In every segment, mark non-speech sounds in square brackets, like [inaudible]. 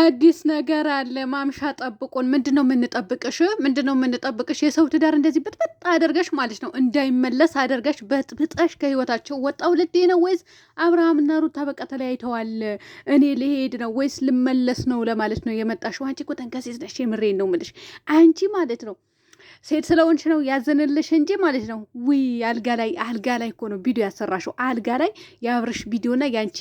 አዲስ ነገር አለ። ማምሻ ጠብቁን። ምንድን ነው የምንጠብቅሽ? ምንድን ነው የምንጠብቅሽ? የሰው ትዳር እንደዚህ ብጥብጥ አደርገሽ ማለት ነው እንዳይመለስ አደርገሽ በጥብጠሽ ከህይወታቸው ወጣው ልዴ ነው ወይስ አብርሃምና ሩታ በቃ ተለያይተዋል፣ እኔ ልሄድ ነው ወይስ ልመለስ ነው ለማለት ነው የመጣሽው? አንቺ እኮ ተንከሴ ነሽ። የምሬን ነው የምልሽ አንቺ ማለት ነው ሴት ስለሆንሽ ነው ያዘንልሽ እንጂ ማለት ነው። ውይ አልጋ ላይ አልጋ ላይ እኮ ነው ቪዲዮ ያሰራሽው። አልጋ ላይ የአብርሽ ቪዲዮና የአንቺ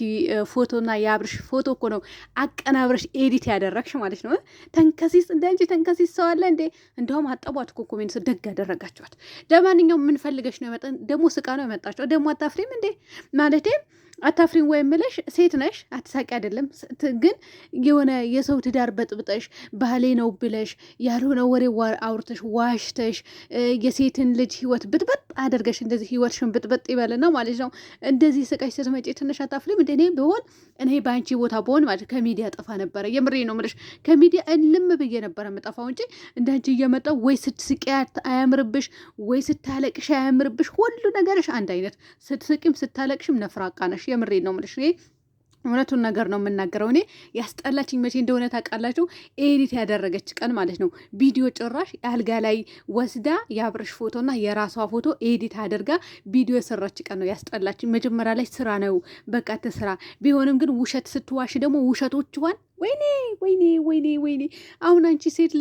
ፎቶና የአብርሽ ፎቶ እኮ ነው አቀናብረሽ ኤዲት ያደረግሽ ማለት ነው። ተንከሲስ እንደ አንቺ ተንከሲስ ሰው አለ እንዴ? እንደውም አጠቧት እኮ ኮሜንት ደግ ያደረጋችኋት። ለማንኛውም የምንፈልገሽ ነው ደግሞ ስቃ ነው የመጣቸው ደግሞ አታፍሪም እንዴ ማለት አታፍሪን ወይ ምለሽ ሴት ነሽ አትሳቂ አይደለም ግን የሆነ የሰው ትዳር በጥብጠሽ ባህሌ ነው ብለሽ ያልሆነ ወሬ አውርተሽ ዋሽተሽ የሴትን ልጅ ህይወት ብጥበጥ አደርገሽ እንደዚህ ህይወትሽን ብጥበጥ ይበልና ማለት ነው። እንደዚህ ስቀሽ ስትመጪ ትንሽ አታፍሪም? እንደ እኔ ብሆን እኔ በአንቺ ቦታ ብሆን ማለት ከሚዲያ ጠፋ ነበረ። የምሬ ነው ምለሽ ከሚዲያ እልም ብዬ ነበረ የምጠፋው እንጂ እንዳንቺ እየመጣ ወይ ስትስቂ አያምርብሽ፣ ወይ ስታለቅሽ አያምርብሽ። ሁሉ ነገርሽ አንድ አይነት፣ ስትስቂም ስታለቅሽም ነፍራቃ ነሽ። የምሬ ነው የምልሽ እውነቱን ነገር ነው የምናገረው። እኔ ያስጠላችኝ መቼ እንደሆነ ታውቃላችሁ? ኤዲት ያደረገች ቀን ማለት ነው። ቪዲዮ ጭራሽ አልጋ ላይ ወስዳ የአብረሽ ፎቶና የራሷ ፎቶ ኤዲት አድርጋ ቪዲዮ የሰራች ቀን ነው ያስጠላችኝ። መጀመሪያ ላይ ስራ ነው በቃ ትስራ ቢሆንም ግን ውሸት ስትዋሽ ደግሞ ውሸቶችዋን ወይኔ ወይኔ ወይኔ ወይኔ። አሁን አንቺ ሴት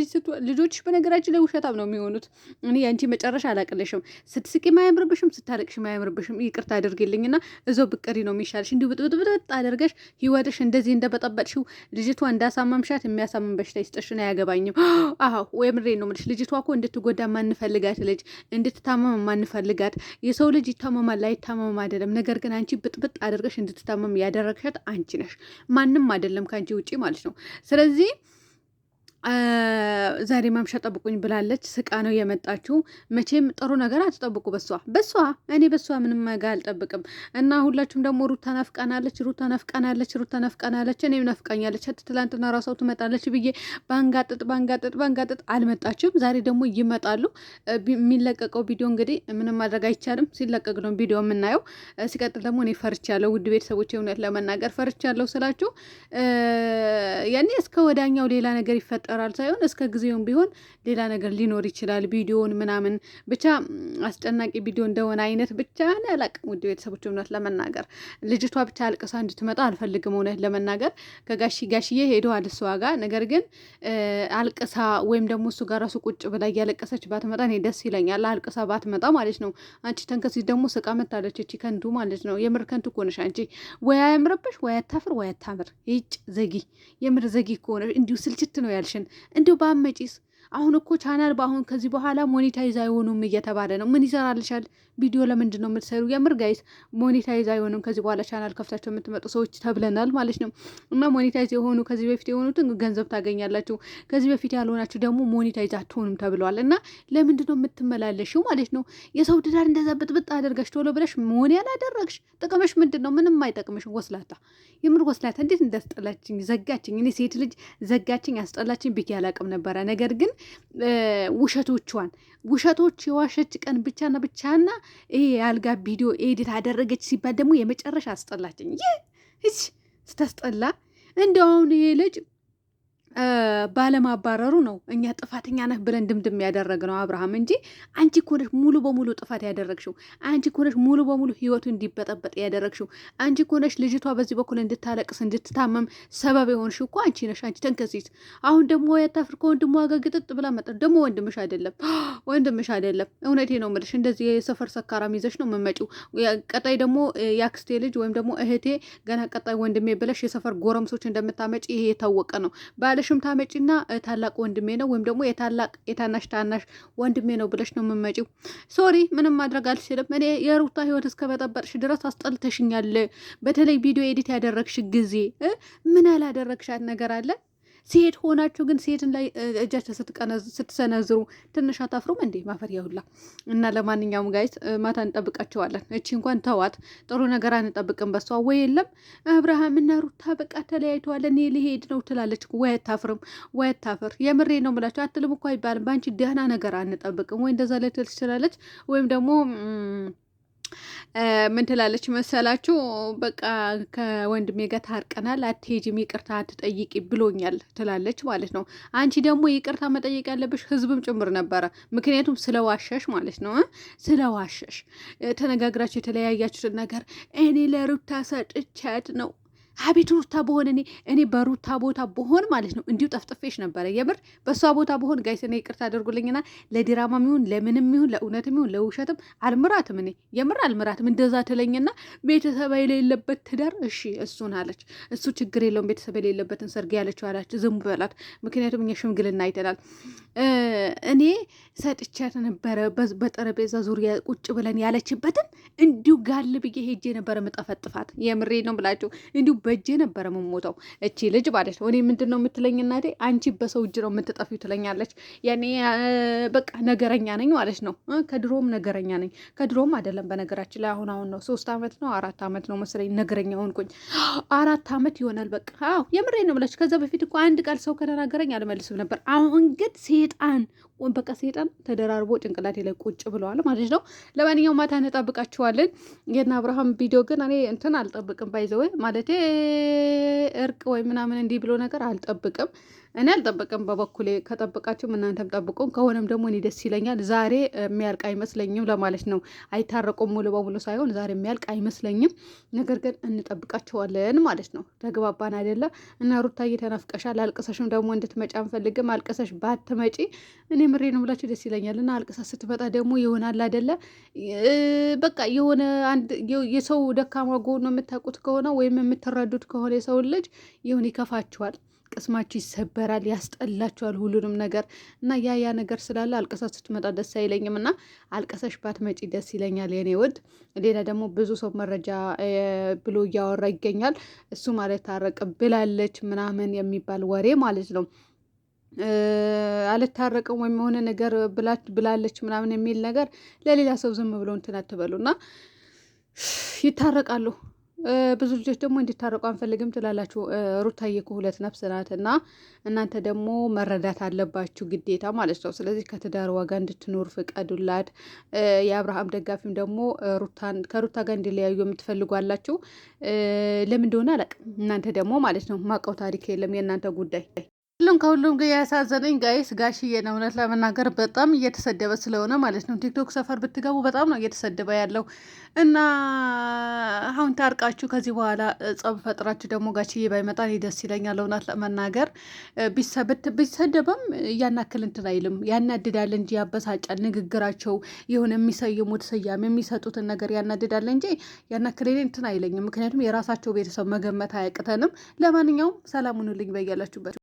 ልጅ በነገራችን ላይ ውሸታም ነው የሚሆኑት። እኔ አንቺ መጨረሻ አላቅልሽም። ስትስቂ ማያምርብሽም፣ ስታለቅሽ ማያምርብሽም። ይቅርታ አድርግልኝና እዛው ብቀሪ ነው የሚሻልሽ። እንዲሁ ብጥብጥብጥ አደርገሽ ህይወትሽ እንደዚህ እንደበጠበጥሽው ልጅቷ እንዳሳመምሻት የሚያሳምም በሽታ ይስጥሽን። አያገባኝም። [gasps] አዎ የምሬ ነው የምልሽ። ልጅቷ እኮ እንድትጎዳ ማንፈልጋት ልጅ እንድትታመም ማንፈልጋት። የሰው ልጅ ይታመማል አይታመምም አይደለም። ነገር ግን አንቺ ብጥብጥ አድርገሽ እንድትታመም ያደረግሻት አንቺ ነሽ፣ ማንም አይደለም ከአንቺ ውጭ ማለት ማለት ነው። ስለዚህ ዛሬ ማምሻ ጠብቁኝ ብላለች። ስቃ ነው የመጣችው። መቼም ጥሩ ነገር አትጠብቁ በሷ በሷ እኔ በሷ ምንም ጋ አልጠብቅም። እና ሁላችሁም ደግሞ ሩታ ናፍቃናለች፣ ሩታ ናፍቃናለች፣ ሩታ ናፍቃናለች፣ እኔም ናፍቃኛለች። ት ትላንትና ራሷው ትመጣለች ብዬ ባንጋጥጥ ባንጋጥጥ ባንጋጥጥ አልመጣችም። ዛሬ ደግሞ ይመጣሉ። የሚለቀቀው ቪዲዮ እንግዲህ ምንም ማድረግ አይቻልም። ሲለቀቅ ነው ቪዲዮ የምናየው። ሲቀጥል ደግሞ እኔ ፈርቻለሁ። ውድ ቤተሰቦች እውነት ለመናገር ፈርቻለሁ ስላችሁ ያኔ እስከ ወዳኛው ሌላ ነገር ይፈጠ ይፈጠራል ሳይሆን እስከ ጊዜውም ቢሆን ሌላ ነገር ሊኖር ይችላል። ቪዲዮውን ምናምን ብቻ አስጨናቂ ቪዲዮ እንደሆነ አይነት ብቻ እኔ አላቅም። ውድ ቤተሰቦች እውነት ለመናገር ልጅቷ ብቻ አልቅሳ እንድትመጣ አልፈልግም። እውነት ለመናገር ከጋሺ ጋሽዬ ሄደዋል እሷ ጋር ነገር ግን አልቅሳ ወይም ደግሞ እሱ ጋር ራሱ ቁጭ ብላ እያለቀሰች ባትመጣ እኔ ደስ ይለኛል። አልቅሳ ባትመጣ ማለት ነው። አንቺ ተንከሲት ደግሞ ስቃ መታለች። እቺ ከንቱ ማለት ነው። የምር ከንቱ እኮ ነሽ አንቺ። ወይ አያምርብሽ፣ ወይ አታፍር፣ ወይ አታምር። ይጭ ዘጊ፣ የምር ዘጊ ከሆነ እንዲሁ ስልችት ነው ያልሽ እንዲሁ ባመጪስ አሁን እኮ ቻናል በአሁን ከዚህ በኋላ ሞኔታይዝ አይሆኑም እየተባለ ነው። ምን ይሰራልሻል? ቪዲዮ ለምንድን ነው የምትሰሩ? የምር ጋይስ ሞኔታይዝ አይሆኑም ከዚህ በኋላ ቻናል ከፍታቸው የምትመጡ ሰዎች ተብለናል ማለት ነው። እና ሞኔታይዝ የሆኑ ከዚህ በፊት የሆኑትን ገንዘብ ታገኛላችሁ፣ ከዚህ በፊት ያልሆናችሁ ደግሞ ሞኔታይዝ አትሆኑም ተብለዋል። እና ለምንድን ነው የምትመላለሽው ማለት ነው? የሰው ድዳር እንደዛ ብጥብጥ አደርገሽ ቶሎ ብለሽ መሆን ያላደረግሽ ጥቅምሽ ምንድን ነው? ምንም አይጠቅምሽ። ወስላታ የምር ወስላታ እንዴት እንዳስጠላችኝ ዘጋችኝ። እኔ ሴት ልጅ ዘጋችኝ፣ አስጠላችኝ ብዬ አላቅም ነበረ ነገር ግን ግን ውሸቶቿን ውሸቶች የዋሸች ቀን ብቻና ብቻና ይሄ የአልጋ ቪዲዮ ኤዲት አደረገች ሲባል ደግሞ የመጨረሻ አስጠላችኝ። ይህ ታስጠላ እንደው አሁን ይሄ ልጅ ባለማባረሩ ነው እኛ ጥፋተኛ ነህ ብለን ድምድም ያደረግ ነው አብርሃም እንጂ አንቺ እኮ ነሽ ሙሉ በሙሉ ጥፋት ያደረግሽው። አንቺ እኮ ነሽ ሙሉ በሙሉ ህይወቱ እንዲበጠበጥ ያደረግሽው። አንቺ እኮ ነሽ ልጅቷ በዚህ በኩል እንድታለቅስ እንድትታመም ሰበብ የሆንሽ እኮ አንቺ ነሽ። አንቺ ተንከሲት። አሁን ደግሞ ያታፍር ከወንድሟ ጋር ግጥጥ ብላ መጣ። ደግሞ ወንድምሽ አይደለም ወንድምሽ አይደለም። እውነቴ ነው የምልሽ። እንደዚህ የሰፈር ሰካራም ይዘሽ ነው የምመጪው። ቀጣይ ደግሞ የአክስቴ ልጅ ወይም ደግሞ እህቴ ገና ቀጣይ ወንድሜ ብለሽ የሰፈር ጎረምሶች እንደምታመጪ ይሄ የታወቀ ነው ባለ ብለሽም ታመጪና ታላቅ ወንድሜ ነው ወይም ደግሞ የታላቅ የታናሽ ታናሽ ወንድሜ ነው ብለሽ ነው የምመጪው። ሶሪ ምንም ማድረግ አልችልም። እኔ የሩታ ህይወት እስከ ድረስ አስጠልተሽኛል። በተለይ ቪዲዮ ኤዲት ያደረግሽ ጊዜ ምን ያላደረግሻት ነገር አለ ሴት ሆናችሁ ግን ሴትን ላይ እጃቸው ስትሰነዝሩ ትንሽ አታፍሩም እንዴ? ማፈሪያ ሁላ እና ለማንኛውም ጋይት ማታ እንጠብቃቸዋለን። እቺ እንኳን ተዋት፣ ጥሩ ነገር አንጠብቅም በሷ ወይ የለም። አብርሃም እና ሩታ በቃ ተለያይተዋለን እኔ ልሄድ ነው ትላለች። ወይ አታፍርም፣ ወይ አታፍር። የምሬ ነው ምላቸው አትልም እኮ አይባልም። በአንቺ ደህና ነገር አንጠብቅም። ወይ እንደዛ ልትል ትችላለች፣ ወይም ደግሞ ምን ትላለች መሰላችሁ? በቃ ከወንድሜ ጋር ታርቀናል፣ አትሄጂም፣ ይቅርታ አትጠይቂ ብሎኛል ትላለች ማለት ነው። አንቺ ደግሞ ይቅርታ መጠየቅ ያለብሽ ህዝብም ጭምር ነበረ። ምክንያቱም ስለዋሸሽ ማለት ነው። ስለዋሸሽ ተነጋግራችሁ የተለያያችሁትን ነገር እኔ ለሩታ ሰጥቻት ነው አቤት ሩታ በሆን እኔ እኔ በሩታ ቦታ በሆን ማለት ነው እንዲሁ ጠፍጥፌሽ ነበረ። የምር በእሷ ቦታ በሆን ጋይስ፣ እኔ ይቅርታ አደርጉልኝና ለዲራማም ይሁን ለምንም ይሁን ለእውነትም ይሁን ለውሸትም አልምራትም። እኔ የምር አልምራትም። እንደዛ ትለኝና ቤተሰብ የሌለበት ትዳር እሺ፣ እሱን አለች። እሱ ችግር የለውም ቤተሰብ የሌለበትን ሰርግ ያለችው አላች። ዝም በላት። ምክንያቱም እኛ ሽምግልና አይተናል። እኔ ሰጥቻት ነበረ። በጠረጴዛ ዙሪያ ቁጭ ብለን ያለችበትን እንዲሁ ጋል ብዬ ሄጄ ነበረ ምጠፈጥፋት። የምሬ ነው ብላችሁ እንዲሁ በእጄ ነበረ ምሞተው እቺ ልጅ ማለት ነው። እኔ ምንድን ነው የምትለኝ እናቴ? አንቺ በሰው እጅ ነው የምትጠፊው ትለኛለች። ያኔ በቃ ነገረኛ ነኝ ማለት ነው። ከድሮም ነገረኛ ነኝ። ከድሮም አይደለም በነገራችን ላይ አሁን አሁን ነው ሶስት አመት ነው አራት አመት ነው መሰለኝ ነገረኛ ሆንኩኝ። አራት አመት ይሆናል በቃ። አዎ የምሬ ነው ብላችሁ ከዛ በፊት እኮ አንድ ቃል ሰው ከተናገረኝ አልመልስም ነበር። አሁን ግን ሰይጣን በቃ ሰይጣን ተደራርቦ ጭንቅላቴ ላይ ቁጭ ብለዋል ማለት ነው። ለማንኛውም ማታ እንጠብቃችኋለን። የእነ አብርሃም ቪዲዮ ግን እኔ እንትን አልጠብቅም፣ ባይዘወ ማለት እርቅ ወይ ምናምን እንዲህ ብሎ ነገር አልጠብቅም። እኔ አልጠብቅም በበኩሌ። ከጠብቃችሁም እናንተም ጠብቁም፣ ከሆነም ደግሞ እኔ ደስ ይለኛል። ዛሬ የሚያልቅ አይመስለኝም ለማለት ነው። አይታረቁም ሙሉ በሙሉ ሳይሆን ዛሬ የሚያልቅ አይመስለኝም። ነገር ግን እንጠብቃቸዋለን ማለት ነው። ተግባባን አይደለ? እና ሩታዬ ተናፍቀሻል። አልቅሰሽም ደግሞ እንድትመጪ አንፈልግም። አልቅሰሽ ባትመጪ እኔ የምሬ ነው ብላችሁ ደስ ይለኛል። እና አልቅሳ ስትመጣ ደግሞ ይሆናል አይደለ በቃ የሆነ የሰው ደካማ ጎኖ የምታውቁት ከሆነ ወይም የምትረዱት ከሆነ የሰውን ልጅ ይሁን ይከፋችኋል፣ ቅስማችሁ ይሰበራል፣ ያስጠላችኋል ሁሉንም ነገር እና ያ ያ ነገር ስላለ አልቀሳ ስትመጣ ደስ አይለኝም እና አልቀሰሽ ባትመጪ ደስ ይለኛል የኔ ውድ። ሌላ ደግሞ ብዙ ሰው መረጃ ብሎ እያወራ ይገኛል። እሱ ማለት ታረቅ ብላለች ምናምን የሚባል ወሬ ማለት ነው። አልታረቅም ወይም የሆነ ነገር ብላለች ምናምን የሚል ነገር ለሌላ ሰው ዝም ብሎ እንትን አትበሉ እና ይታረቃሉ። ብዙ ልጆች ደግሞ እንዲታረቁ አንፈልግም ትላላችሁ። ሩታዬ እኮ ሁለት ነፍስ ናት እና እናንተ ደግሞ መረዳት አለባችሁ ግዴታ ማለት ነው። ስለዚህ ከትዳር ዋጋ እንድትኖር ፍቀዱላት። የአብርሃም ደጋፊም ደግሞ ከሩታ ጋር እንዲለያዩ የምትፈልጉ አላችሁ። ለምን እንደሆነ እናንተ ደግሞ ማለት ነው ማውቀው ታሪክ የለም የእናንተ ጉዳይ ሁሉም ከሁሉም ግን ያሳዘነኝ ጋይስ ጋሽዬ ነው። እውነት ለመናገር በጣም እየተሰደበ ስለሆነ ማለት ነው። ቲክቶክ ሰፈር ብትገቡ በጣም ነው እየተሰደበ ያለው እና አሁን ታርቃችሁ ከዚህ በኋላ ጸብ ፈጥራችሁ ደግሞ ጋሽዬ ባይመጣ ደስ ይለኛል። እውነት ለመናገር ቢሰደበም እያናክል እንትን አይልም፣ ያናድዳል እንጂ ያበሳጫል። ንግግራቸው የሆነ የሚሰይሙት ስያሜ የሚሰጡትን ነገር ያናድዳል እንጂ ያናክል እንትን አይለኝም። ምክንያቱም የራሳቸው ቤተሰብ መገመት አያቅተንም። ለማንኛውም ሰላም ሁኑልኝ በያላችሁበት።